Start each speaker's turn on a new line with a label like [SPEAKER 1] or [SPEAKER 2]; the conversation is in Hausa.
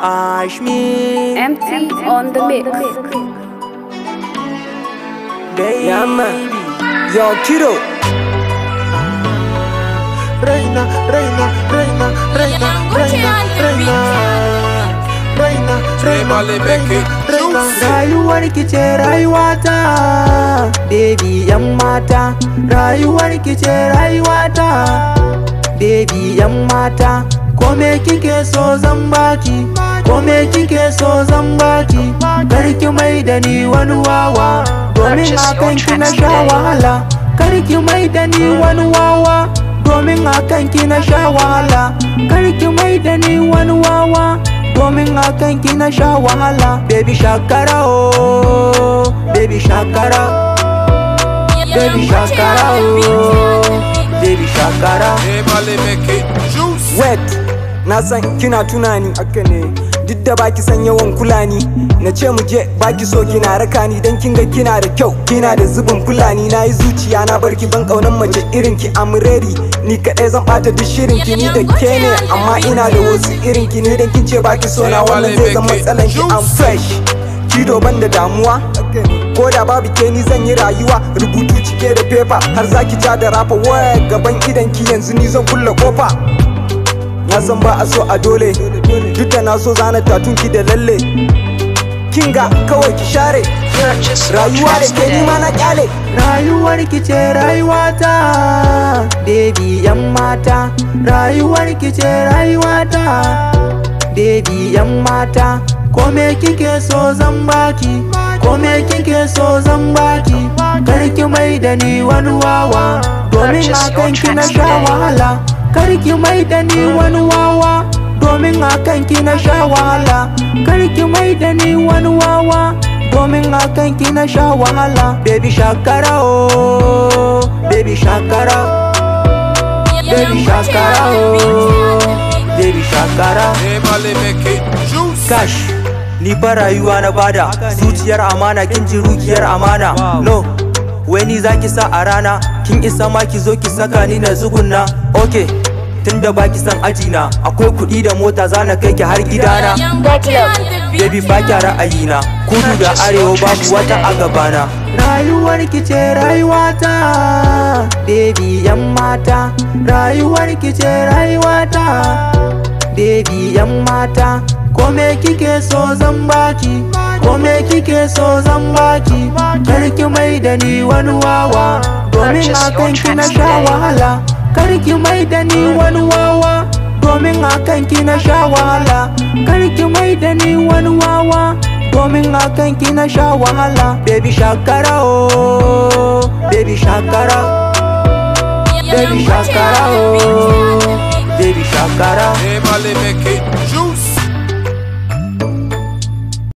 [SPEAKER 1] Ash me
[SPEAKER 2] MC on the mix Baby yeah, man. Yo kiddo
[SPEAKER 3] Reina, reina, reina, reina, reina, reina Reina, reina,
[SPEAKER 1] Rayuwar ki ce rayuwata Baby yan mata Rayuwar ki ce rayuwata Baby yan mata Kome kike so ko kike so zan baki karki mai da ni wani wawa domin akan ki na sha wahala karki mai da ni wani wawa domin akan ki na sha wahala karki mai da ni wani wawa domin akan ki na sha wahala baby shakara
[SPEAKER 3] oh baby shakara baby shakara
[SPEAKER 2] oh baby shakara wet na san kina tunani haka ne duk da baki san yawan kulani na ce mu je baki so kina raka ni dan kinga kina da kyau kina da zubin kulani na yi zuciya na barki ban kaunan mace irin ki amreri ni kadai zan bata duk shirin ki ni da ke ne amma ina da wasu irin ki ne dan kin ce baki so na wannan zai zama matsalan ki am fresh kido ban da damuwa ko da babu ke ni zan yi rayuwa rubutu cike da paper har zaki ja da rafa waya gaban idan ki yanzu ni zan kulle kofa na ba a so a dole duk da na so zana tatunki da lalle kinga kawai ki share rayuwa da ke nima na kyale rayuwar ki ce
[SPEAKER 1] ta, baby yan mata rayuwar ki ce ta, baby yan mata kome kike so zan baki kome kike so zan baki karki mai da ni wani wawa domin akan ki na sha wahala ki mai da ni wani wawa domin a kanki na sha wahala ki mai da ni wani wawa domin a kanki na sha wahala baby shakara o oh,
[SPEAKER 3] baby shakara baby shakara o oh, baby shakara cash ni ba rayuwa na bada zuciyar amana kin ji rukiyar amana no wani zaki sa a rana kin isa ma ki zo ki saka ni na zugunna okay tunda baki san aji na. akwai kuɗi da mota za na kai ki har gidana baby ba ki na. kudu da arewa babu wata a gabana
[SPEAKER 1] rayuwar ki ce ta baby yan mata rayuwar ki ce ta baby yan mata kome kike so zan baki kome kike so zan baki karki mai da ni wani wawa domin akan kina sha wahala kar ki mai da ni wani wawa domin akan kina sha wahala kar mai da ni wani wawa domin akan kina baby shakara oh baby shakara oh.
[SPEAKER 3] baby shakara oh baby shakara